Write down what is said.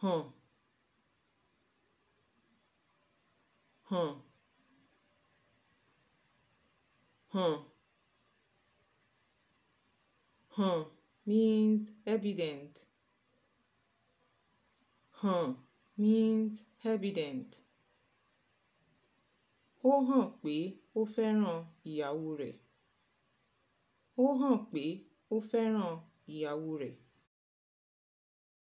Huh. Huh. Huh. Huh means evident Huh means evident ó hàn pé ó fẹ́ràn ìyàwó rẹ̀ ó hàn pé ó fẹ́ràn ìyàwó rẹ̀